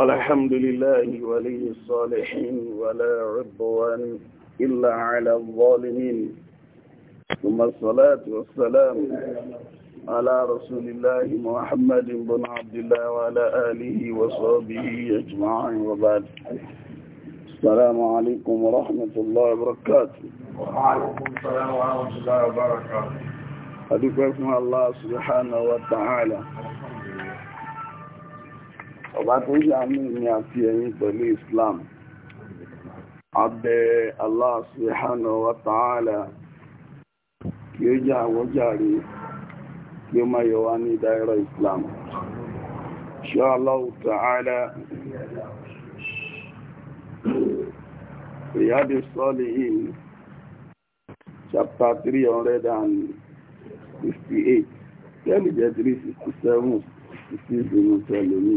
الحمد لله ولي الصالحين ولا عدوان إلا على الظالمين ثم الصلاة والسلام على رسول الله محمد بن عبد الله وعلى آله وصحبه أجمعين وبعد السلام عليكم ورحمة الله وبركاته وعليكم السلام ورحمة الله وبركاته أدوكم الله سبحانه وتعالى ọba tó yàánú ni àti ẹ̀yin pẹ̀lú Islam abẹ Allah subhanahu wa ta'ala kí ó jà àwọ́jàre kí ó máa yọ wá ní dáírà Islam insha Allah ta'ala Riyadu Salihin chapter 368 10 jẹ́ 367 66 nínú tẹ̀lé ní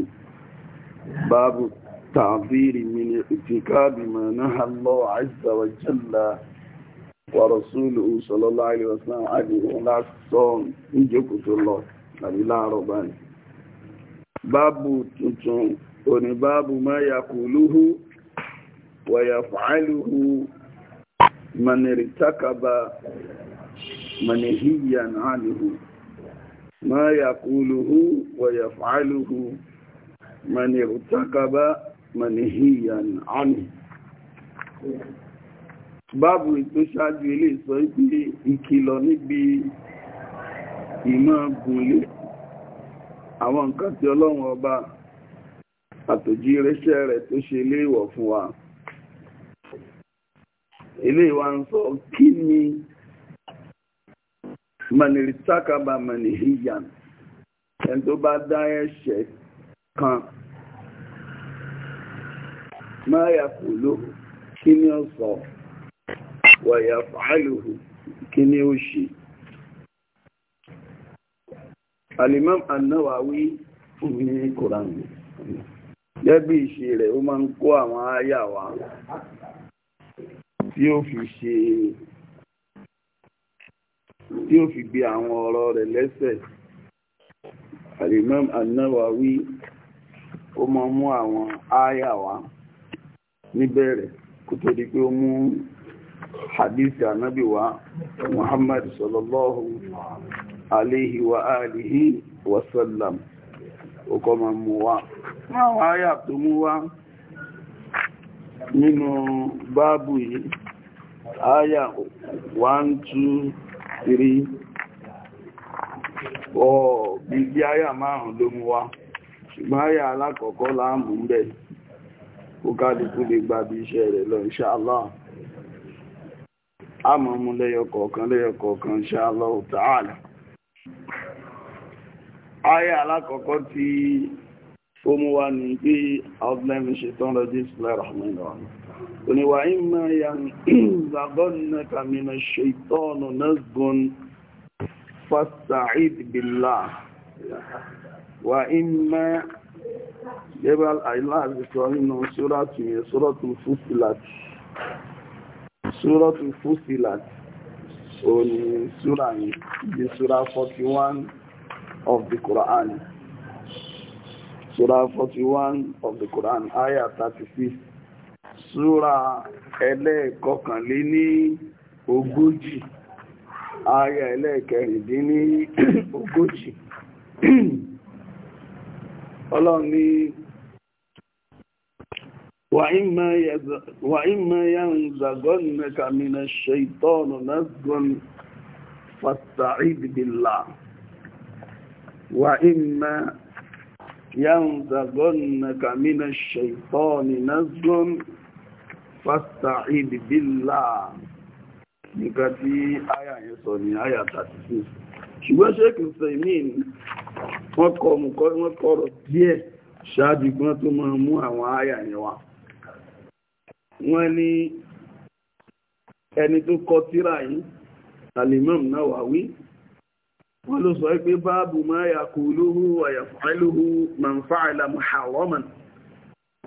باب التعذير من ارتكاب ما نهى الله عز وجل ورسوله صلى الله عليه وسلم عنه ولا صوم نجوكو الله àbí láàárọ̀ báyìí báàbù tuntun òní báàbù máa yaquluhu wa yaf'aluhu maniritakaba manihiyan anhu máa yaquluhu wa yaf'aluhu من ارتكب منهيا عنه báàbù tó ṣáájú ilé sọ pé ìkìlọ̀ níbi ìmọ̀ gùnlé àwọn nǹkan tí ọlọ́run ọba àtòjí rẹ̀ tó ṣe léèwọ̀ fún wa ilé ìwà ń sọ kí ni mọ̀nìrìtákàbà mọ̀nìhíyàn ẹni tó bá dá kan máa yà kò lóhùn kí ni ó sọ wàyà fàálùhù kí ni ó ṣe alimam annawawi ní koran gẹ́bí ìṣe rẹ̀ ó máa ń kó àwọn àyà wa tí ó fi gbé àwọn ọ̀rọ̀ rẹ̀ lẹ́sẹ̀ alimam annawawi ó máa mú àwọn ááyà wa níbẹ̀rẹ̀ kó tó di pé ó mú hadith ànábì wá Muhammad sallallahu alayhi wa alihi wa sallam ó kọ́ máa mú wá àwọn ááyà tó mú wá nínú báàbù yìí ááyà 1 2 3 ọ̀ bí i aya márùn-ún ló mú wá ṣùgbọ́n àyà alákọ̀ọ́kọ́ láàmù ń bẹ̀ kó kálukú lè gba bí iṣẹ́ rẹ̀ lọ inshallah a mọ̀ mú lẹ́yọ kọ̀ọ̀kan lẹ́yọ kọ̀ọ̀kan inshallah ta'ala àyà alákọ̀ọ́kọ́ tí ó mú wa ní pé ọ̀gbẹ́mi ṣetán lọ jí ìsìlẹ̀ rahman wà ìmọ̀ gẹ́gẹ́ aláàbí sọ nínú sóràtù yẹn sóràtù fúsìlàtì sóràtù fúsìlàtì òní sóra yìí di sóra 41 of the Quran sóra 41 of the Quran ayah 36 sóra ẹlẹ́ẹ̀kọkànlé ní ogójì ayah ẹlẹ́ẹ̀kẹrìndínlẹ́ ogójì ọlọ́run ní wà ìmọ̀ ya ń zàgọ́ nìkan mìnà ṣaitọ́nù nasgun fasta'id billah wà ìmọ̀ ya ń zàgọ́ nìkan mìnà ṣaitọ́nù nasgun fasta'id billah nìkan tí yẹn sọ ní áyà 36 ṣùgbọ́n ṣe kìí wọ́n kọ ọmọkọ́ wọ́n kọ̀rọ̀ díẹ̀ ṣáájú kí wọ́n tó máa mú àwọn àyà yẹn wá wọ́n ní ẹni tó kọ tírà yìí Al-Imam Nawawi wọ́n ló sọ pé báàbù ma yaquluhu wa yaf'aluhu man fa'ala muharraman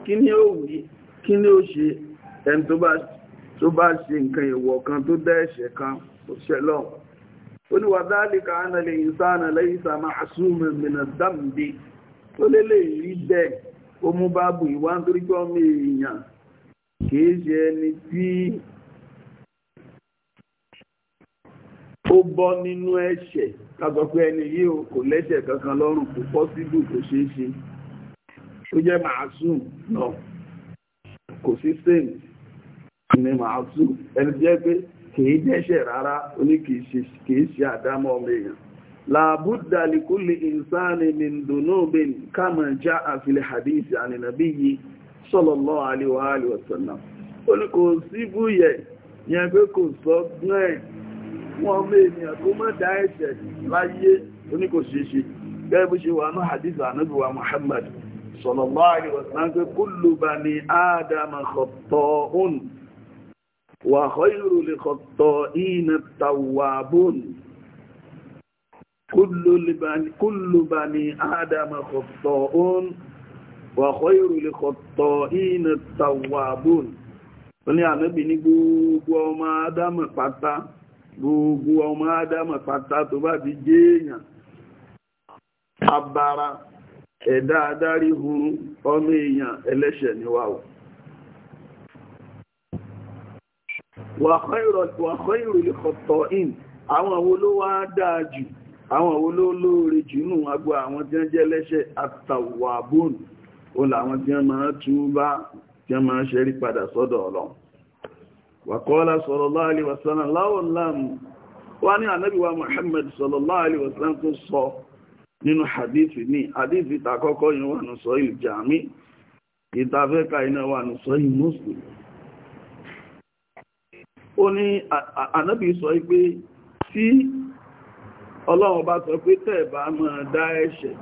kí ni ó wí kí ni ó ṣe ẹni tó bá ṣe nǹkan ìwọ̀ kan tó dá ẹ̀ṣẹ̀ kan òṣèlọ́wọ́ ó ní wàdálìkà ánàlè ìsáànà lẹ́yìnsà máa súnmù mìnà dámdé tó lélẹ̀ rí bẹ́ẹ̀ ó mú báàbù ìwá ń torí gbọ́ mi èèyàn kìí ṣe ẹni tí ó bọ́ nínú ẹ̀ṣẹ̀ kàgbọ́ ẹni yìí kò lẹ́ṣẹ̀ kankan lọ́rùn kò pọ́síbù kò ṣeé ṣe ó jẹ́ màásùn náà kò sí sèǹtì ni màásùn ẹni jẹ́ pé kìí jẹ́ṣẹ̀ rárá oní kìí ṣe àdámọ́ ọmọ èèyàn làbúdà lìkúlì ìsáni min dunubin kama já àfilẹ̀ hadith ànìyànbí yìí sallallahu alaihi wa sallam ó ní kò sí búyẹ̀ yẹn pé kò sọ gbọ́n wọn ọmọ ènìyàn kó mọ́ dá ẹ̀ṣẹ̀ láyé oní kò ṣe ṣe gẹ́gẹ́ bó ṣe وخير الخطائين التوابون كل بني, كل بني آدم خطاؤون وخير الخطائين التوابون ní ànábì ní gbogbo ọmọ adámọ̀ pátá gbogbo ọmọ adámọ̀ pátá tó bá ti jẹ́ èèyàn abara ẹ̀dá adarí hurun ọmọ èèyàn ẹlẹ́ṣẹ̀ níwáwó wàkọ́ìrò ìlẹ̀kọ̀tọ̀ in àwọn àwọn olówá dáa jù àwọn àwọn olóore jù nù agbó àwọn tí wọ́n jẹ́ lẹ́ṣẹ̀ àtàwàbùn ó làwọn tí wọ́n máa túbá tí wọ́n máa ṣẹ́rí padà sọ́dọ̀ Ọlọ́run wàkọ́ọ́lá iná wà nù sọ ìmúsùlùmí ó ní ànábì sọ pé tí ọlọ́run bá sọ pé tẹ́ bá máa dá ẹ̀ṣẹ̀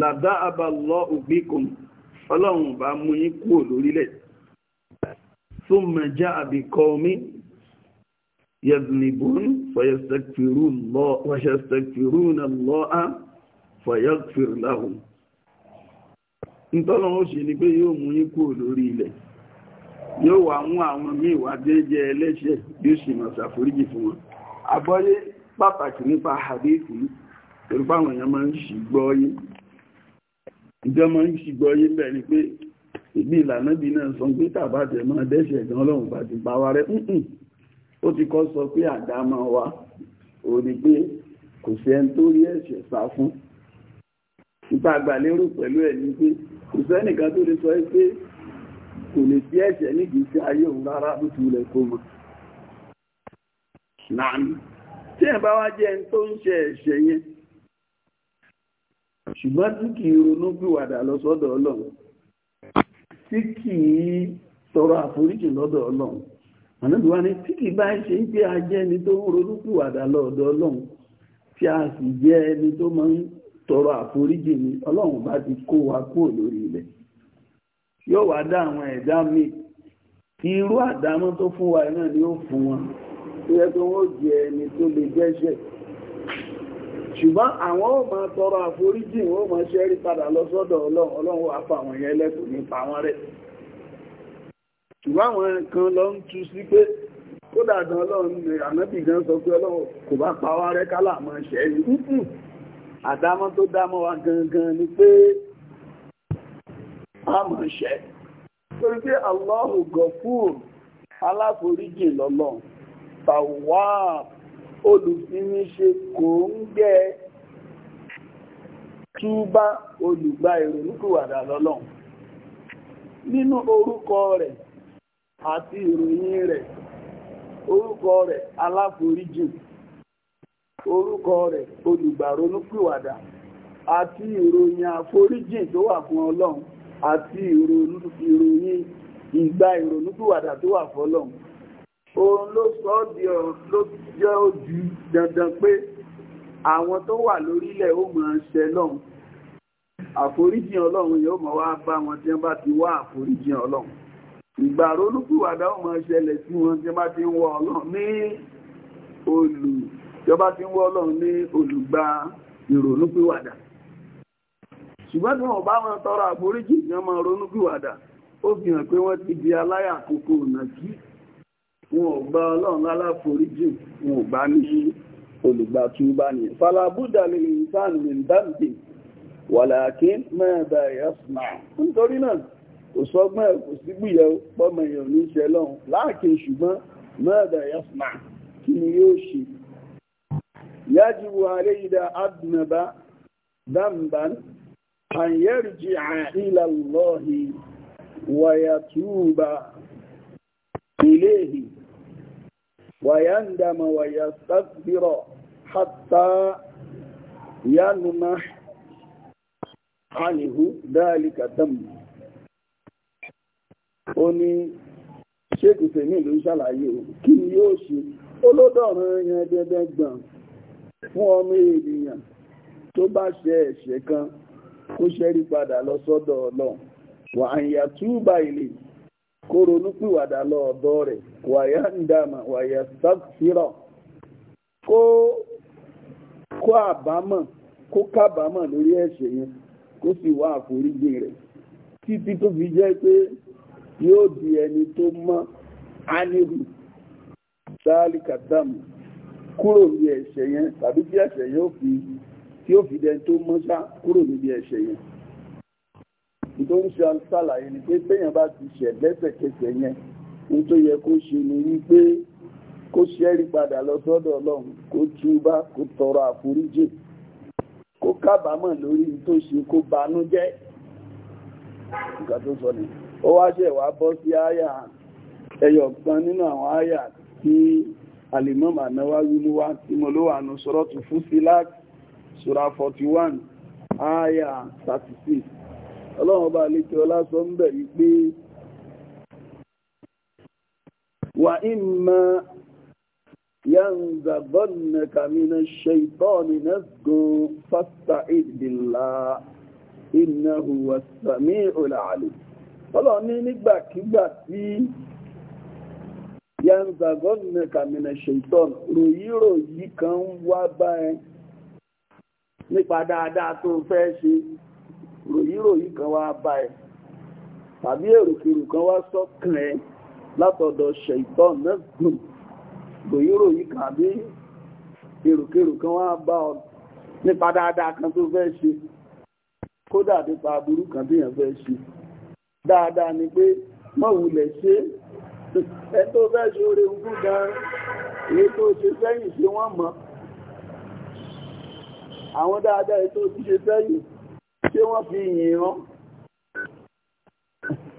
làdá àbàlọ́ òbíkùn ọlọ́run bá mú yín kúrò lórílẹ̀ tó mẹjá àbíkọ́ mi yẹ̀dùnìbùn fọ̀yẹ̀sẹ̀kìrún lọ́á fọ̀yẹ̀kìrún láhùn ìtọ́lọ́run ó ṣe ni pé yóò mú yín kúrò lórí yóò wà mú àwọn míì wà tí ó jẹ ẹlẹ́ṣẹ̀ yóò sì mọ̀ ṣàforíjì fún wọn àgbọ́yé pàtàkì nípa hadith torí báwọn èèyàn máa ń ṣì gbọ́yé ìjọ máa ń ṣì gbọ́yé bẹ́ẹ̀ ni pé ìbí ìlànà bí náà sọ pé tàbá tẹ̀ máa dẹ́ṣẹ̀ gan lọ́hùn bá ti pa wa rẹ́ ó ti kọ́ sọ pé àdámọ́ wa ò ní pé kò sí ẹni tó rí ẹ̀ṣẹ̀ sá fún nípa àgbàlérò pẹ̀lú ẹ̀ ni pé kò sẹ́nìkan tó lè sọ pé kò lè sí ẹ̀ṣẹ̀ níbi iṣẹ́ ayé òun rárá bó ti wulẹ̀ kó mọ̀. Nàní, tí ẹ̀ bá wá jẹ́ ẹni tó ń ṣe ẹ̀ṣẹ̀ yẹn, ṣùgbọ́n tí kì í ronú pìwàdà lọ sọ́dọ̀ Ọlọ́run, tí kì í tọrọ àforíjì lọ́dọ̀ Ọlọ́run, ànábì wa ni tí kì í bá ṣe ń pé a ẹni tó ń ronú pìwàdà lọ́dọ̀ Ọlọ́run, tí a sì jẹ́ ẹni tó máa ń tọrọ àforíjì ni Ọlọ́run bá ti kó wa kúrò lórí ilẹ̀. yóò wá dá àwọn ẹ̀dá míì tí irú àdámọ́ tó fún wa náà ni ó fún wọn tó yẹ pé wọ́n jẹ ẹni tó lè jẹ́ṣẹ̀ ṣùgbọ́n àwọn ò máa tọrọ àforíjì wọn ò máa ṣẹ́rí padà lọ sọ́dọ̀ ọlọ́run ọlọ́run wà fún àwọn yẹn lẹ́kùn nípa wọn rẹ̀ ṣùgbọ́n àwọn kan lọ ń tu sí pé kódà gan ọlọ́run ànábì gan sọ pé ọlọ́run kò bá pa wá rẹ́ kálà máa ṣẹ́rí àdámọ́ tó dámọ́ wa gangan ni pé àmọ́ ṣe torí pé Allahu Gafur aláforíjì lọ́lọ́ tàwa olùfiniṣe kò ń gẹ́ túbá olùgbà ìrònúkúwàdà lọ́lọ́ nínú orúkọ rẹ̀ àti ìròyìn rẹ̀ orúkọ rẹ̀ aláforíjì orúkọ rẹ̀ olùgbà ìrònúkúwàdà àti ìròyìn àforíjì tó wà fún Ọlọ́run àti ìròyìn ìgbà ìrònúpìwàdà tó wà fọ́lọ́run òun ló sọ ọ́ di ọ̀rọ̀ ló jẹ́ ojú dandan pé àwọn tó wà lórílẹ̀ ó mọ̀ ṣẹ lọ́hùn àforíjìn ọlọ́run yóò mọ̀ wá bá wọn tí wọ́n bá ti wá àforíjìn ọlọ́run ìgbà ronúpìwàdà ó mọ̀ ṣẹlẹ̀ sí wọn tí wọ́n bá ti ń wọ ọlọ́run ní olùjọba tí ń wọ ọlọ́run ní olùgbà ìrònúpìwàdà ṣùgbọ́n tí wọ́n bá wọn tọrọ àforíjì ìyàn máa ronú pìwàdà ó fi hàn pé wọ́n ti di aláyà kòkò nàkí wọn ò gba ọlọ́run aláforíjì wọn ò bá ní olùgbàtúbá ni falabuda lè nìsan lè dáǹdè wàlàkí mẹ́ẹ̀dà ẹ̀yẹ́sùnà nítorí náà kò sọgbọ́n kò sígbìyẹ pọ́mọ èèyàn ní iṣẹ́ lọ́hùn láàkì ṣùgbọ́n mẹ́ẹ̀dà ẹ̀yẹ́sùnà kí ni yóò ṣe yájú wa àríyídá adùnàbá dáǹbà أن يرجع إلى الله ويتوب إليه ويندم ويستكبر حتى يلمح عنه ذلك الدم ó ní ṣéèkù tèmi ló ń ṣàlàyé o kí ni yóò ṣe olódọ̀ràn yẹn dẹ́dẹ́ fún ọmọ ènìyàn tó bá ṣe ẹ̀ṣẹ̀ kan kó ṣẹ́rí padà lọ sọ́dọ̀ ọlọ́run wà á yà túbà ilé kó lọ ọ̀dọ́ rẹ̀ wà yà ń dàmà wà yà kó kó àbámọ̀ lórí ẹ̀ṣẹ̀ yẹn kó sì wá àforíjì rẹ̀ títí tó fi jẹ́ pé yóò di ẹni tó mọ́ kúrò ní tàbí ẹ̀ṣẹ̀ tí ó fi dẹni tó mọ́ṣá kúrò níbi ẹ̀ṣẹ̀ yẹn tó ń ṣe ṣàlàyé ni pé téèyàn bá ti ṣẹ̀ lẹ́sẹ̀kẹsẹ̀ yẹn ní tó yẹ kó ṣe ni wípé kó ṣẹ́rí padà lọ sọ́dọ̀ ọlọ́run kó túbá kó tọrọ àforíjì kó kábàámọ̀ lórí tó ṣe kó banú jẹ́ nǹkan tó sọ ni ó wá ṣẹ̀ wá bọ́ sí àyà ẹyọ kan nínú àwọn àyà tí alimọ́mà náwá wí wá tí mo ló wà nù sọ́rọ́tù Fusilat ṣúra 41 àyà 36 ọlọ́run bá lè kí ọlá sọ ń bẹ̀ wípé wà ìmọ̀ ينزغنك من الشيطان نزغ فاستعذ بالله إنه هو السميع العليم Ọlọ́run ní nígbàkígbà tí ينزغنك من الشيطان ròyíròyí kan wá bá nípa dáadáa tó fẹ́ ṣe ròyíròyí kan wá bá ẹ tàbí èròkèrò kan wá sọ́kàn ẹ látọ̀dọ̀ ṣẹ̀tọ́ náà gùn ròyíròyí kan àbí èròkèrò kan wá bá ọ nípa dáadáa kan tó fẹ́ ṣe kódà nípa aburú kan tí èèyàn fẹ́ ṣe dáadáa ni pé mọ̀wulẹ̀ ṣe ẹ tó fẹ́ ṣe oore ogún gan-an èyí tó ṣe sẹ́yìn ṣe wọ́n mọ̀ àwọn dáadáa ètò tí ṣe sẹ́yìn ṣé wọ́n fi yìn án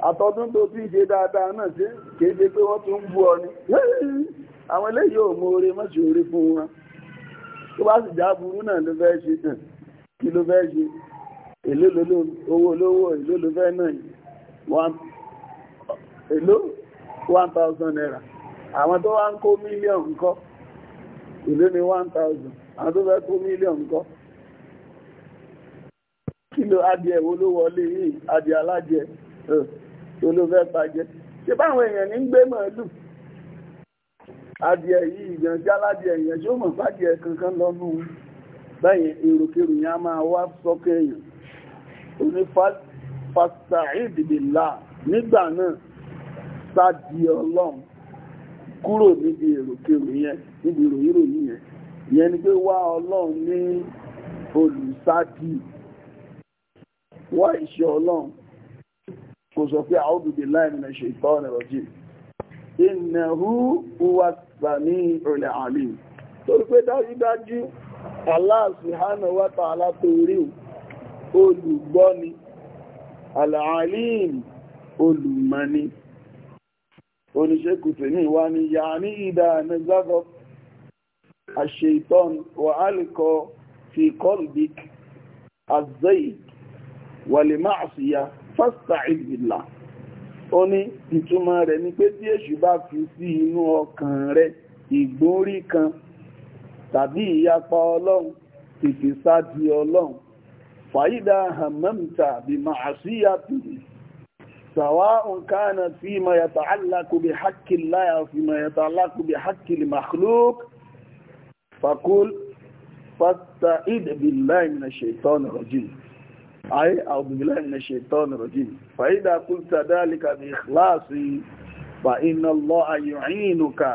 àtọ́dún tó ti ṣe dáadáa náà ṣe kìí ṣe pé wọ́n tún bú ọ ni àwọn eléyìí ò mú oore mọ́ṣù oore fún wọn tó bá sì já burú náà ló fẹ́ ṣe tàn kí ló fẹ́ ṣe èló owó olówó èló ló fẹ́ náà one èló one thousand naira àwọn tó wá ń kó mílíọ̀nù kọ́ èló ni one thousand àwọn tó fẹ́ kó mílíọ̀nù kọ́ kílò adìẹ wo ló wọlé yìí adìẹ alájẹ tó ló fẹ́ bàjẹ́ ṣé báwọn èèyàn ní ń gbé màálù adìẹ yìí ìyànjẹ́ aládìẹ èèyàn ṣé ó mọ̀ fàdìẹ kankan lọ́nu báyìí èròkèrò yẹn a máa wá sọ́kẹ́ èèyàn oní fásitàìdìbìlà nígbà náà sádi ọlọ́run kúrò níbi èròkèrò yẹn níbi ìròyìn yẹn ìyẹn ni pé wá ọlọ́run ní olùsádi wá ìṣẹ́ ọlọ́run kò sọ pé a'udhu billahi minash shaitanir rajim innahu huwa sami'ul alim torí pé dájúdájú Allah subhanahu wa ta'ala torí olùgbọ́ni al-alim olùmọ́ni oníṣẹ́kùtù ní ìwá ni yà ní ìdá nẹ́gbàgbọ́ ash-shaytan wa alqa fi qalbik az-zayt wàlè máa sì ya fasta'id billah ó ní ìtumọ̀ rẹ̀ ni pé tí èṣù bá fi sí inú ọkàn rẹ̀ ìgbórí kan tàbí ìyapa ọlọ́run tètè sáàdì ọlọ́run fàyídà hamamta bí máa sí ya tìrì sàwá nǹkan fi ma yata'allaqu bi haqqi fi ma yata'allaqu bi haqqi al-makhluq faqul fasta'id billahi minash shaitanir ayé àwùbìlẹ̀ ní ṣètọ́n rọ̀jì fàídà kún tàdálìkà ní ìkìláàsì fa iná lọ ayùhìnùka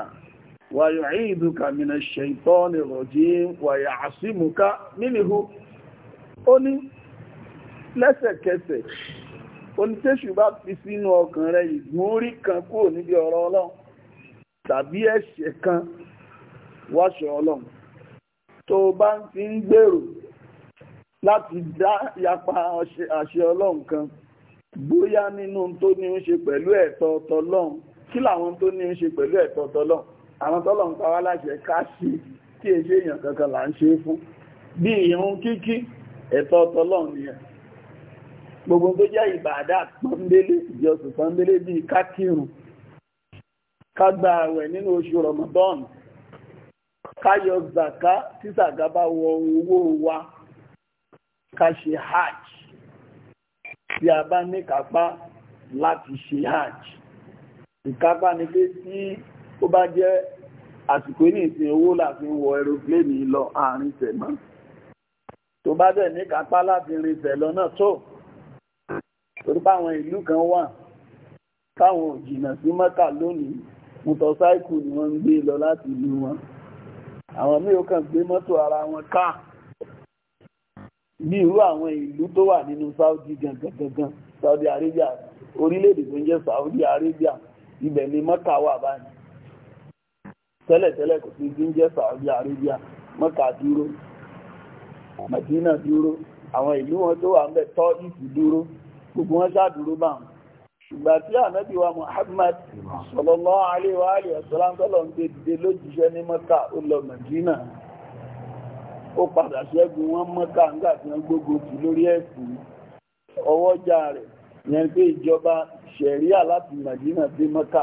wà yùhìnùka mìnà ṣètọ́n rọ̀jì wà yà àṣímùka mínihù ó ní lẹ́sẹ̀kẹsẹ̀ onítẹ́ṣù bá fi sínú ọkàn rẹ̀ ìgbórí kan kúrò níbi ọ̀rọ̀ ọlọ́run tàbí ẹ̀ṣẹ̀ kan wáṣọ ọlọ́run tó bá ń fi ń gbèrò láti dá yapa àṣẹ ọlọ́run kan bóyá nínú tó ní ń ṣe pẹ̀lú ẹ̀tọ́ tọlọ́run kí làwọn tó ní ń ṣe pẹ̀lú ẹ̀tọ́ tọlọ́run àwọn tọlọ́run pa wá láṣẹ ká ṣe kí èṣe èèyàn kankan là ń ṣe fún bí ìrun kíkí ẹ̀tọ́ tọlọ́run nìyẹn gbogbo tó jẹ́ ìbàdà pọ́ńbélé ìjọsìn pọ́ńbélé bíi ká ká gba àwẹ̀ nínú oṣù rọmọdọ́ọ̀nù ká yọ zàká tí zàká bá wọ owó wa ká ṣe hajj tí a bá ní kápá láti ṣe hajj ìkápá ni pé tí ó bá jẹ́ àsìkò ní ìsìn owó láti wọ aeroplane lọ àárín tẹ̀mọ́ tó bá dẹ̀ ní kápá láti rin tẹ̀lọ náà tó torí báwọn ìlú kan wà táwọn òjìnà sí mọ́kà lónìí mọ́tọ́sáìkù ni wọ́n ń gbé lọ láti ìlú wọn àwọn mí ó kàn gbé mọ́tò ara wọn káà ní irú àwọn ìlú tó wà nínú Saudi gangan Saudi Arabia orílẹ̀-èdè tó ń jẹ́ Saudi Arabia ibẹ̀ ni Mọ́kà wà báyìí tẹ́lẹ̀tẹ́lẹ̀ kò sí ń jẹ́ Saudi Arabia Mọ́kà dúró Madina dúró àwọn ìlú wọn tó wà ń bẹ̀ tọ́ ìfì dúró gbogbo wọn ṣáà dúró ìgbà tí wa Muhammad ó padà ṣẹ́gun wọn mọ́ká nígbà tí wọ́n gbógun tì lórí ẹ̀sìn ọwọ́jà rẹ̀ yẹn pé ìjọba ṣẹ̀ríà láti Màdínà dé mọ́ká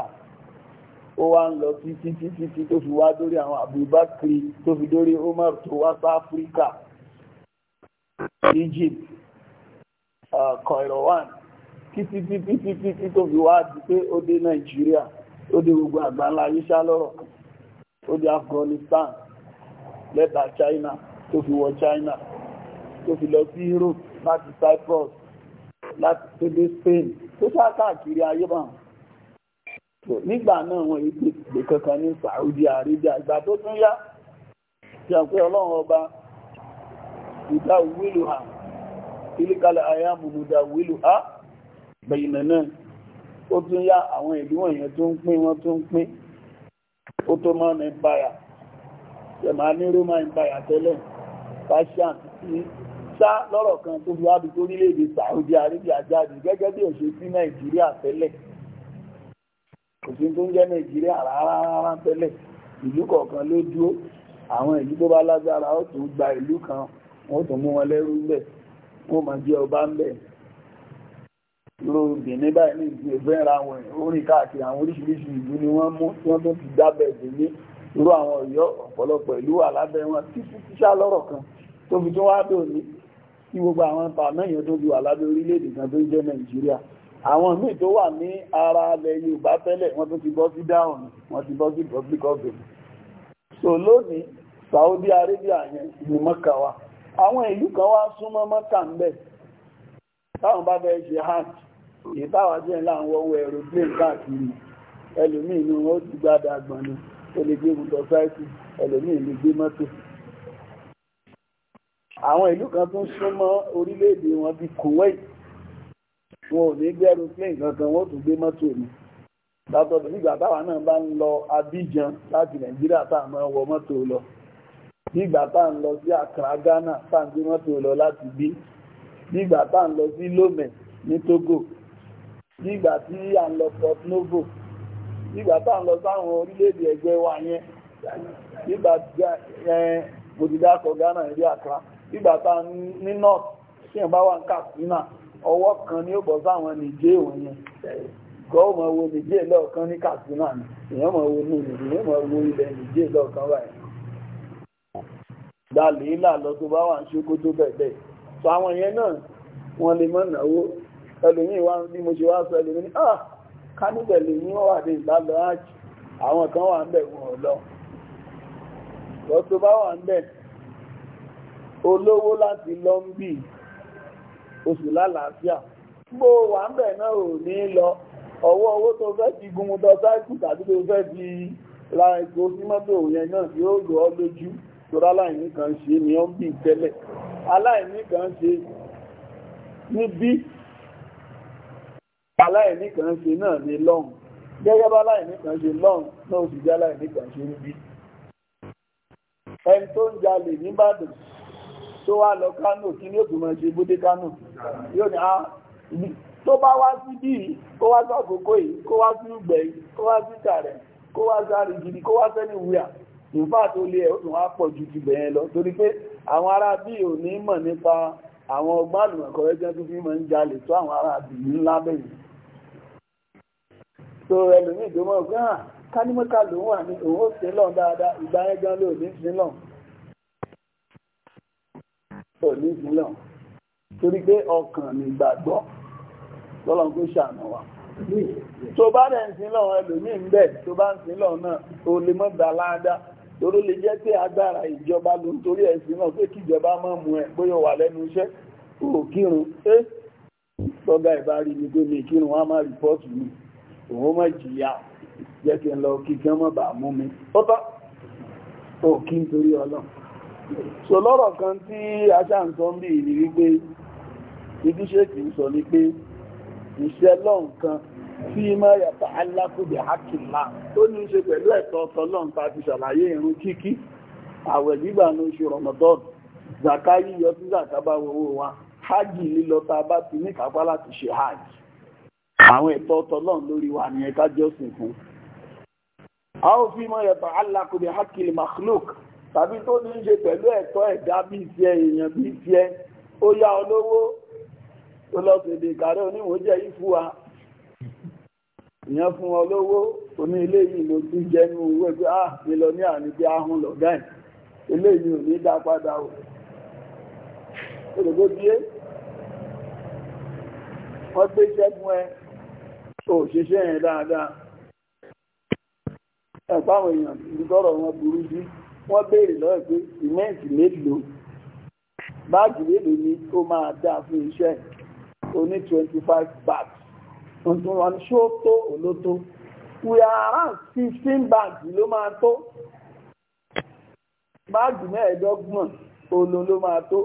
ó wá ń lọ títí títí tí tó fi wá dórí àwọn Abubakar tó fi dórí Umar tó wá sí Áfíríkà Egypt Kairouan títí títí títí tí tó fi wá di pé ó dé Nàìjíríà ó dé gbogbo àgbáńlá yíṣá lọ́rọ̀ ó dé Afghanistan lẹ́bàá China tó fi wọ China tó fi lọ sí Europe láti Cyprus láti tó Spain tó sá káàkiri ayé bá wọn nígbà náà wọn yìí gbé kankan ní Saudi Arabia ìgbà tó tún yá tí a pé ọlọ́run ọba ìdá wílù ha ìlíkalẹ̀ àyàmùnú ìdá wílù ha bẹ̀yìnà náà ó tún yá àwọn ìlú wọ̀nyẹn tó ń pín wọ́n tó ń pín Ottoman Empire ṣẹ̀mà ní Roman Empire tẹ́lẹ̀ Persian ti sá lọ́rọ̀ kan tó fi wábi tó orílẹ̀-èdè Saudi Arabia jáde gẹ́gẹ́ bí òṣè sí Nàìjíríà tẹ́lẹ̀ òṣè tó ń jẹ́ Nàìjíríà rárá tẹ́lẹ̀ ìlú kọ̀ọ̀kan ló dúró àwọn ìlú tó bá lágbára ó tún gba ìlú kan wọ́n tún mú wọn lẹ́rú ńbẹ̀ wọ́n máa jẹ́ ọba ńbẹ̀ ló bìnní báyìí ní ìgbìyànjú ẹ̀fẹ́ wọn orin káàkiri àwọn oríṣiríṣi ìlú ni wọ́n mú tí wọ́n tó ti dábẹ̀ sí ní irú àwọn ọ̀yọ́ ọ̀pọ̀lọpọ̀ ìlú wà lábẹ́ wọn títí tíṣà lọ́rọ̀ kan tó fi tó wá dòní tí gbogbo àwọn ipa mẹ́yàn tó fi wà lábẹ́ orílẹ̀-èdè kan tó ń jẹ́ nàìjíríà àwọn míì tó wà ní ara ilẹ̀ yorùbá tẹ́lẹ̀ wọ́n tó ti bọ́ sí dáhùn wọ́n ti bọ́ sí public organ so lónìí saudi arabia yẹn ni mọ́kà wa àwọn ìlú kan wá súnmọ́ mọ́kà ń bẹ̀ táwọn bá fẹ́ ṣe hajj èyí táwọn jẹ́ láwọn wọ́wọ́ aeroplane káàkiri ẹlòmíì ni wọ́n ti gbádàgbọ̀n ni ó lè gbé ibùdó sáìtì ẹlòmíì lè gbé mọ́tò àwọn ìlú kan tó súnmọ́ orílẹ̀-èdè wọn bíi Kuwait wọn ò ní gbé aeroplane kankan wọn ò tún gbé mọ́tò ni látọ̀dọ̀ nígbà táwa náà bá ń lọ Abidjan láti Nàìjíríà tá à máa wọ mọ́tò lọ nígbà tá à ń lọ sí Accra Ghana tá à ń gbé mọ́tò lọ láti bí nígbà tá à ń lọ sí Lomé ní Togo nígbà tí à ń lọ Port Novo nígbà tá à ń lọ sáwọn orílẹ̀-èdè ẹgbẹ́ wa yẹn nígbà gbòdìdá akọ̀ Ghana ìrí àkà nígbà tá ní north tí ẹ̀ bá wà ń Katsina ọwọ́ kan ní ó bọ̀ sáwọn nìjẹ́ òun yẹn gọ́ọ̀ mọ̀ wo nìjẹ́ lọ́ọ̀kan ní Katsina ni èèyàn mọ̀ wo nìjẹ́ èèyàn mọ̀ wo ilẹ̀ nìjẹ́ lọ́ọ̀kan báyìí dalè là lọ tó bá wà ń ṣókó tó bẹ̀bẹ̀ so àwọn ah kánúbẹ̀ lè ní wọ́n wà ní ìbálò ájì àwọn kan wà ń bẹ̀ wọ́n lọ lọ tó bá wà ń bẹ̀ olówó láti lọ ń bì oṣù lálàáfíà gbó wà ń bẹ̀ náà ò ní lọ ọwọ́ owó tó fẹ́ ti gun mọ́tọ́sáìkù tàbí tó fẹ́ ti ra epo sí mọ́tò yẹn náà yóò lọ ọ́ lójú tó ráláìní kan ṣe ni ó ń bì tẹ́lẹ̀ aláìní kan ṣe níbí aláìní kan ṣe náà ní lọ́hùn gẹ́gẹ́ bá aláìní kan ṣe lọ́hùn náà ó sì jẹ́ aláìní kan ṣe níbí ẹni tó ń jalè nìbàdàn tó wá lọ kánò kí ni ó tún máa ṣe bódé kánò yóò ní á ah, tó bá wá sí bí kó wá sí àkókò yìí kó wá sí ìgbẹ́ yìí kó wá sí ìtàrẹ̀ kó wá sí àrìgìdì kó wá sẹ́ni wíyà nífà tó lé ẹ̀ ó tún wá pọ̀ ju ti bẹ̀yẹn lọ torí pé àwọn ará bí ò mọ̀ nípa àwọn ọgbọ́n àlùmọ̀kọ́rẹ́jẹ́ tó fi máa ń jalè tó àwọn ará bí ńlá bẹ̀yẹn so ẹlòmíì tó mọ̀ gbọ́n ah, kánímọ́ká ló wà ní òun ó sin lọ́n dáadáa ìgbà yẹn gan ló ní sin lọ́n ò ní sin lọ́n torí pé ọkàn nígbàgbọ́ lọ́lọ́n kó ṣàánú wa tó bá dẹ̀ ń sin lọ́n ẹlòmíì ń bẹ̀ tó bá ń sin lọ́n náà ó lè mọ́ gbà láadáa torí lè jẹ́ pé agbára ìjọba ló ń torí ẹ̀sìn náà pé kí ìjọba mú ẹ bóyá wà lẹ́nu iṣẹ́ òkírun ẹ́ tọ́gá ìbá ni pé mi kírun wá má rìpọ́ọ̀tù mi òun mọ̀ jìyà jẹ́ kí n lọ kí kí wọ́n bá mú mi tọ́tọ́ ò kí n torí ọlọ́ so lọ́rọ̀ kan tí aṣáǹsọ ń bí ìrírí pé ibi ṣe kì í sọ ni pé ìṣẹ́ lọ́nkan tí máa yàtọ̀ alákùnbí hákìlá tó ní ṣe pẹ̀lú ẹ̀tọ́ ọ̀tọ́lọ́n ta ti ṣàlàyé ìrun kíkí àwẹ̀ gbígbà ní oṣù rọmọdọ́n zaka yíyọ tí zaka wa hajj lílọ ta bá ti ní láti ṣe hajj àwọn ẹ̀tọ́ ọ̀tọ̀lọ́n lórí wa ní ẹ̀ká jọ́sìn fún a ó fi mọ́ ẹ̀tọ́ alákùnrin hakil makhluk tàbí tó ní ṣe pẹ̀lú ẹ̀tọ́ ẹ̀dá bíi ti ẹ èèyàn bíi ti ẹ ó yá olówó tó lọ sí èdè ìkàrẹ́ oníwòjẹ́ yìí fún wa ìyẹn fún olówó oní ilé yìí ló ti jẹ́ ní owó ẹgbẹ́ ah mi lọ ní àní bí ahun lọ̀gá ẹ̀ ilé yìí ò ní dá padà o ó lè gbé bíé wọ́n gbé iṣẹ́ fún ẹ òṣìṣẹ́ yẹn dáadáa ẹ̀páwọn èèyàn ìdúkọ́rọ̀ wọn burú sí wọ́n béèrè lọ́wọ́ pé sìmẹ́ǹtì mélòó báàgì mélòó ni ó máa dá fún iṣẹ́ oní twenty bags tuntun wọn ṣó tó olótó wíyàrá 15 bags ló máa tó báàgì mẹ́ẹ̀ẹ́dọ́gbọ̀n olo ló máa tó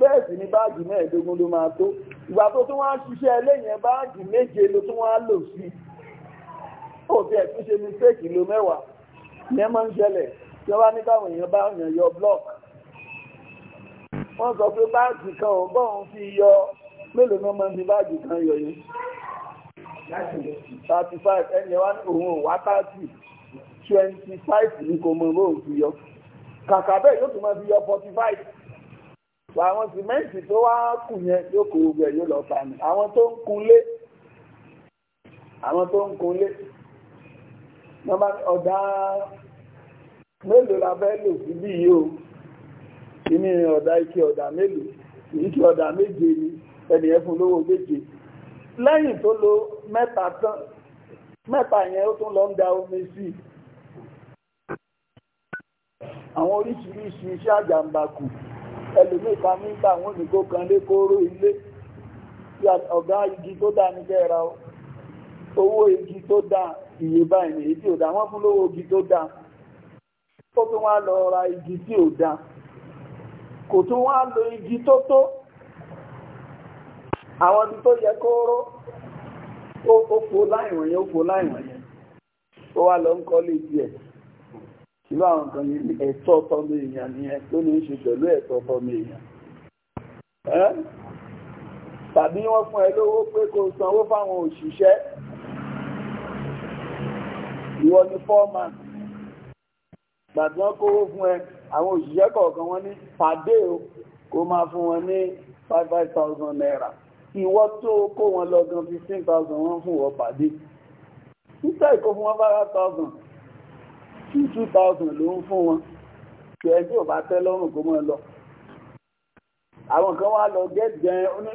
bẹ́ẹ̀ sì ni báàgì mẹ́ẹ̀ẹ́dógún ló máa tó ìgbà tó tún wá ń ṣiṣẹ́ lẹ́yìn báàgì méje ló tún wá lò sí ó fi ẹ̀tún ṣe mistake ló mẹ́wàá ìyẹn máa ń ṣẹlẹ̀ tí wọ́n bá ní káwọn èèyàn bá yàn yọ block wọ́n sọ pé báàgì kan ò bọ́ọ̀n fi yọ mélòó náà máa ń fi báàgì kan yọ yìí thirty five ẹni wá ní òun ò wá thirty twenty five ní kò mọ bóun fi yọ kàkà bẹ́ẹ̀ yóò tún máa fi yọ forty five àwọn sìmẹ́ǹtì tó wá kù yẹn yóò kó gbogbo ẹ̀ yóò lọ ta ni àwọn tó ń kunlé àwọn tó ń kunlé nọ́mbà ọ̀dà mélòó la fẹ́ lò sí bí yìí o ìní ọ̀dà ike ọ̀dà mélòó ike ọ̀dà méje ni ẹnìyẹn fún lówó méje lẹ́yìn tó lo mẹ́ta tán mẹ́ta yẹn ó tún lọ ń da omi sí i àwọn oríṣiríṣi iṣẹ́ àjàmbá kù ẹlòmí ìpamí gbà wọn nìkó kan lé kóró ilé tí ọ̀gá igi tó dá ní kẹ́ra owó igi tó dá iye báyìí ní èyí tí ò dá wọ́n fún lówó igi tó dá ó fi wọ́n lọ ra igi tí ò dá kò tún wọ́n lo igi tó tó àwọn ibi tó yẹ kóró ó fò láìwọ̀nyẹn ó fò láìwọ̀nyẹn ó wá lọ ń kọ́ ìlú àwọn nǹkan ní ẹ̀tọ́ tọ́mọ èèyàn nìyẹn tó ní í ṣe pẹ̀lú ẹ̀tọ́ tọ́mọ èèyàn tàbí wọ́n fún ẹ lówó pé kó sanwó fáwọn òṣìṣẹ́ ìwọ ni fọ́ọ̀mà gbàtí wọ́n kówó fún ẹ àwọn òṣìṣẹ́ kọ̀ọ̀kan wọ́n ní pàdé o kó máa fún wọn ní five five thousand naira ìwọ tó kó wọn lọ gan fifteen thousand wọ́n fún wọn pàdé nígbà ìkó fún wọn five thousand two thousand ló ń fún wọn kí ẹni tí ò bá tẹ́ lọ́rùn kó mọ́ ẹ lọ àwọn kan wá lọ gẹ́ẹ̀tì gan ó ní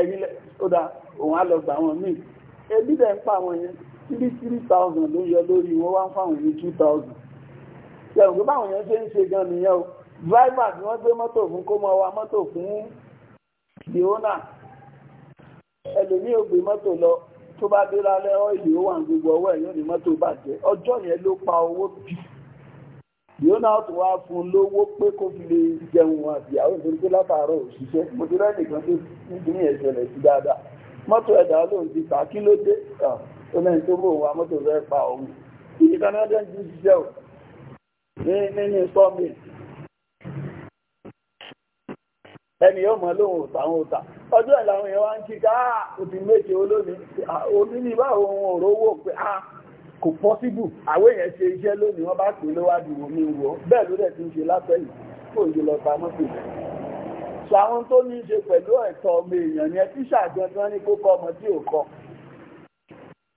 ẹ̀yìn lọ́dà òun á lọ gbà wọn míì ebi dẹ̀ ń pa àwọn yẹn three three thousand ló yọ lórí wọn wá ń fáwọn yẹn two thousand yẹ̀wò pé báwọn yẹn ṣe ń ṣe gan nìyẹn o driver tí wọ́n gbé mọ́tò fún kó mọ wa mọ́tò fún the owner ẹlòmíì ò gbé mọ́tò lọ tó bá dé lálẹ́ ọ́ìlì ó wà ní gbogbo ọwọ́ ẹ̀ yóò ní mọ́tò bàjẹ́ ọjọ́ yẹn ló pa owó bì yóò náà tó wá fún un lówó pé kó fi lè jẹun àbíyàwó nítorí pé látàárọ̀ òṣìṣẹ́ mo ti rẹ́ẹ̀nì kan tó nítorí ẹ̀ṣẹ̀lẹ̀ sí dáadáa mọ́tò ẹ̀dá lòun ti ta kí ló dé ó lẹ́yìn tó bò wá mọ́tò fẹ́ pa òun ìdíkan náà dẹ́n ti ṣiṣẹ́ ò ní nínú sọ́ọ̀mì ẹni yóò mọ̀ lóhun òtà àwọn òtà ọjọ́ ìlà àwọn wá ń kí ká òtì méje olómi òní bá ohun òró wò pé a kò pọ́síbù àwọn èèyàn ṣe iṣẹ́ lónìí wọ́n bá pè lówádìí wò mí wò bẹ́ẹ̀ ló dẹ̀ ti ń ṣe látẹ̀yìn kò ń ṣe lọ ta mọ́tò sọ àwọn tó ní í ṣe pẹ̀lú ẹ̀tọ́ ọmọ èèyàn yẹn tíṣà gangan ní kókó ọmọ tí ò kọ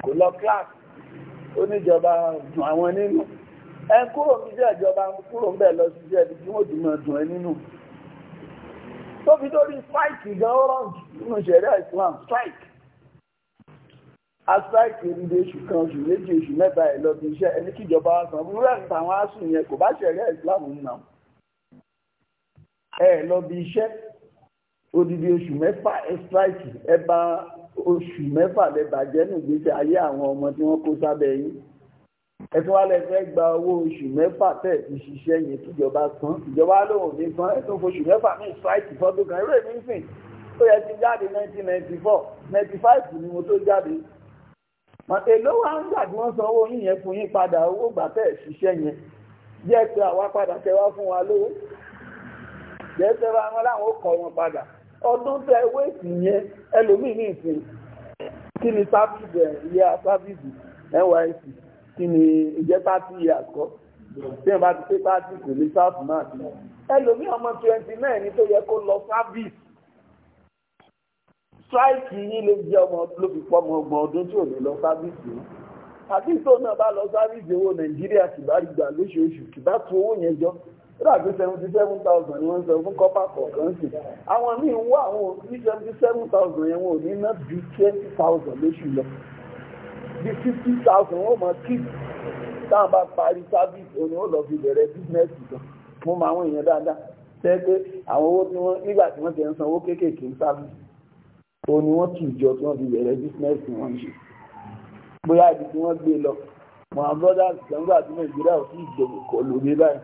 kò lọ class oníjọba dùn àwọn nínú ẹ kúrò níṣẹ́ ìjọba kúrò ń bẹ̀ lọ síṣẹ́ ibi tí wọ́n ti mọ̀ dùn ẹ nínú tó fi dórí strike gan ọ̀rọ̀ nínú ìṣẹ̀rẹ́ Islam strike a strike ìrìndé oṣù kan oṣù méjì oṣù mẹ́ta ẹ̀ lọ bí iṣẹ́ ẹni kíjọba wa san fún rẹ̀ àwọn asùn yẹn kò bá ṣẹ̀rẹ́ Islam nà ẹ̀ lọ bí iṣẹ́ odidi oṣù mẹ́fà ẹ strike ẹ bá oṣù mẹ́fà lẹ́bàjẹ́ nù gbèsè ayé àwọn ọmọ tí wọ́n kó sábẹ́ yín ẹ̀tún wá lẹ́fẹ́ gba owó oṣù mẹ́fà tẹ̀ ti ṣiṣẹ́ yẹn kíjọba san ìjọba lóhùn ní san ẹ̀tún foṣù mẹ́fà ní strike fọ́dún kan eré mi ń sìn ó yẹ ti jáde 1994 95 ni mo tó jáde èló wa ń gbà tí wọ́n san owó yín yẹn fún yín padà owó gbà tẹ̀ ṣiṣẹ́ yẹn jẹ́ pé àwa padà tẹ wá fún wa lówó jẹ́ tẹ wá wọn láwọn ó kọ wọn padà ọdún tẹ wéèsì yẹn ẹlòmíì ní ìsìn kí ni sábìsì ẹ̀ ilé sábìsì nysc kí ni ìjẹ́ pátí àkọ́ tí wọ́n bá ti pé pátí kò ní sáàfù náà sí. ẹlòmíì ọmọ twenty nine ni tó yẹ kó lọ sábìsì strike yín lè jẹ́ ọmọ ló fi pọ́ ọmọ ọgbọ̀n ọdún tí ò ní lọ sábìsì yìí àti tó náà bá lọ sábìsì owó nàìjíríà kì bá gbà lóṣooṣù kì bá tu owó yẹn jọ láàbí seventy seven thousand ni wọ́n ń sọ fún kọ́pà kọ̀ọ̀kan sí àwọn míì ń wá àwọn ní seventy seven thousand yẹn wọn ò ní ná ju twenty thousand lóṣù lọ bí fifty thousand wọ́n mọ̀ kí táwọn bá parí service òní ó lọ fi bẹ̀rẹ̀ business kan mo mọ àwọn èèyàn dáadáa tẹ́ pé àwọn owó tí wọ́n nígbà tí wọ́n ti ń san owó kéékèèké ń service òní wọ́n tù jọ tí wọ́n fi bẹ̀rẹ̀ business wọn ṣe bóyá ibi tí wọ́n gbé lọ àwọn brothers gbàngbà tí nàìjíríà ò sí ìgbòho kò lórí báyìí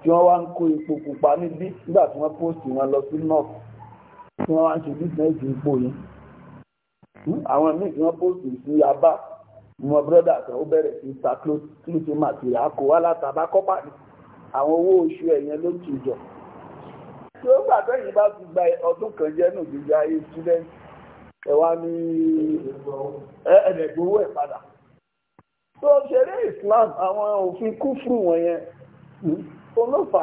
tí wọ́n wá ń kó epo pupa níbí nígbà tí wọ́n post wọn lọ sí north tí wọ́n wá ń ṣe business epo yẹn àwọn míì tí wọ́n post sí yaba mo brọ́dà kan ó bẹ̀rẹ̀ sí ta clothing material kò wá látàbá kọ́pà ní àwọn owó oṣù ẹ̀yẹn ló tù jọ tí ó gbà tẹ́yìn bá ti gba ọdún kan jẹ́ nù gbígbé ayé student ẹ wá ní ẹ̀ẹ́dẹ̀gbowó ẹ̀ padà tó ṣeré Islam àwọn òfin kúfùrù wọ̀nyẹn olófà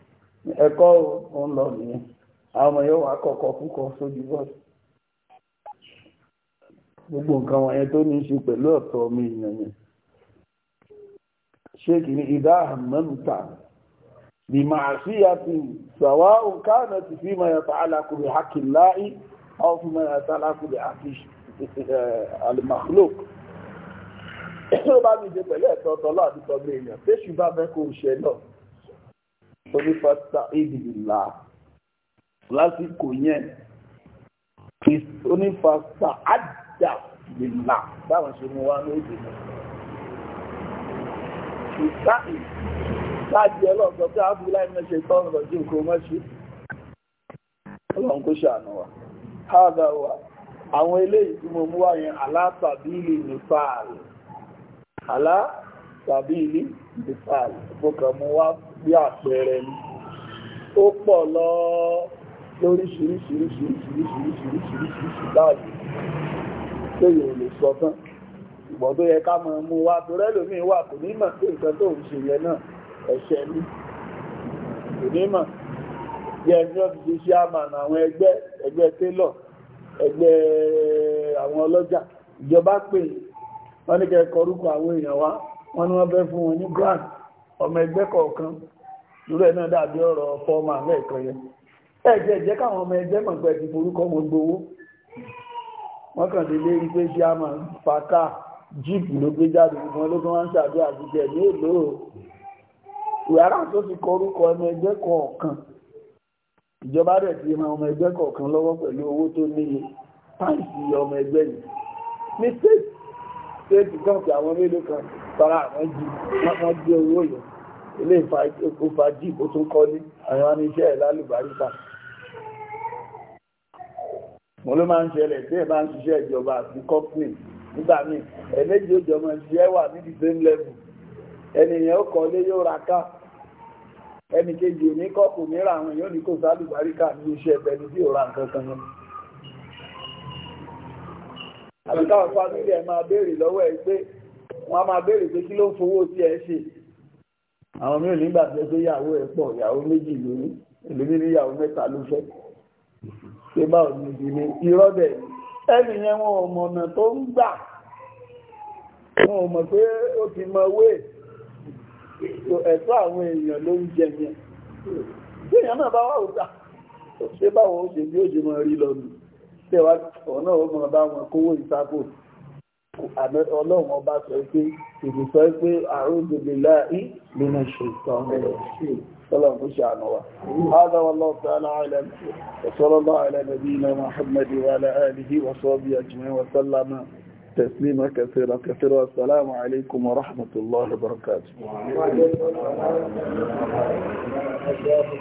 ẹ̀kọ́ òun lọ nìyẹn àwọn ọmọ yóò wá kọ̀kọ́ púpọ̀ sójú bọ́ọ̀sì gbogbo nǹkan wọ̀nyẹn tó ní í ṣe pẹ̀lú ọ̀tọ̀ ọmọ èèyàn yẹn ṣé kì ní ìdá àmọ́nùtà bí máa sí àti sàwá òǹkànà ti fi máa yàtọ̀ alákùnrin hakìláì àwọn fi máa yàtọ̀ alákùnrin àti eh, alimakhlok tó bá mi ṣe pẹ̀lú ẹ̀tọ́ ọ̀tọ̀ láti tọ́lé èèyàn tẹ́ṣù bá fẹ́ kó ṣe náà onífàtà ìdìbìlà lásìkò yẹn onífàtà àdàbìlà báwọn ṣe mú wá ní èdè náà ìsáì láti ẹlọ́ọ̀sọ tí a fi láì mẹ́ṣe tọ́nù lọ sí nǹkan mọ́ṣú ọlọ́run kó ṣàánú wa háàdà wa àwọn eléyìí tí mo mú wá yẹn alátàbílì nípaàlì alátàbílì nípaàlì mo kàn mú bí àpẹẹrẹ ni ó pọ̀ lọ lóríṣiríṣiríṣiríṣiríṣiríṣiríṣiríṣi láàyè tó yóò lè sọ tán tó yẹ ká mọ mú wa torí ẹlòmíín wà kò ní mọ̀ pé nǹkan tó ń ṣe yẹ náà ẹ̀ṣẹ̀ ni kò ní mọ̀ bí ẹni ti ṣe àmàna àwọn ẹgbẹ́ ẹgbẹ́ ẹgbẹ́ àwọn ọlọ́jà ìjọba pè wọ́n ní àwọn èèyàn wa wọ́n ní wọ́n fẹ́ fún wọn ní grant ọmọ ẹgbẹ́ kọ̀ọ̀kan lórí ẹ̀ náà dàbí ọ̀rọ̀ fọ́ọ̀mà lẹ́ẹ̀kan yẹn ẹ̀jẹ̀ ẹ̀jẹ̀ káwọn ọmọ ẹgbẹ́ mọ̀gbẹ́ ti forúkọ wọn gbowó wọ́n kàn lè lé ipé tí a máa fa káà jíìpù ló gbé jáde ìbọn ló tún wá ń ṣàbí àjíjẹ ní èlò ìyára tó ti kọrúkọ ọmọ ẹgbẹ́ kọ̀ọ̀kan ìjọba rẹ̀ ti ran ọmọ ẹgbẹ́ kọ̀ọ̀kan lọ́wọ́ pẹ̀lú owó tó níye páìsì ọmọ ẹgbẹ́ yìí ní tẹ́ẹ̀tì gọ́ọ̀kì àwọn mélòó kan tọ́ra àwọn jí wọ́n gbé owó yẹn ilé ìfà jí kó tún kọ́ ní àwọn aníṣẹ́ ẹ̀ lálùbáríkà mo ló máa ń ṣẹlẹ̀ tí ẹ̀ bá ń ṣiṣẹ́ ìjọba àti company nígbà míì ẹ̀ẹ́dẹ́jì òjò ọmọ ìṣiṣẹ́ wà ní same level ẹnìyàn ó kọ́ lé yóò ra ká ẹnì kejì òní kọ́ọ̀pù mìíràn àwọn èèyàn ní kò sálùbáríkà ní iṣẹ́ ẹ̀bẹ̀ ní bí òra nǹkan kan náà àbí táwọn fámílì ẹ̀ máa béèrè lọ́wọ́ ẹ̀ pé wọ́n á máa béèrè pé kí ló ń fowó tí ẹ ṣe àwọn mí ò nígbà tó pé ìyàwó ẹ̀ pọ̀ ìyàwó méjì lónìí èlòmí ní ìyàwó mẹ́ta ló fẹ́ ṣe bá òní ìdílé irọ́ bẹ̀ ẹni yẹn wọn ò mọ̀nà tó ń gbà wọn ò mọ̀ pé ó ti mọ owó ẹ̀tọ́ àwọn èèyàn ló ń jẹ yẹn tí èèyàn náà bá wà ó gbà ṣé báwo ó ṣe bí ó ṣe mọ rí lọ́nà tẹ̀wá ọ̀nà ọmọ ọba wọn kówó ìsákò ọlọ́run ọba sọ pé ìlú sọ pé a'udhu billahi minash shaitanir rajim ọlọ́run kò ṣe àná wa. هذا والله تعالى أعلم وصلى الله على نبينا محمد وعلى آله وصحبه أجمعين وسلم تسليما كثيرا كثيرا والسلام عليكم ورحمة الله وبركاته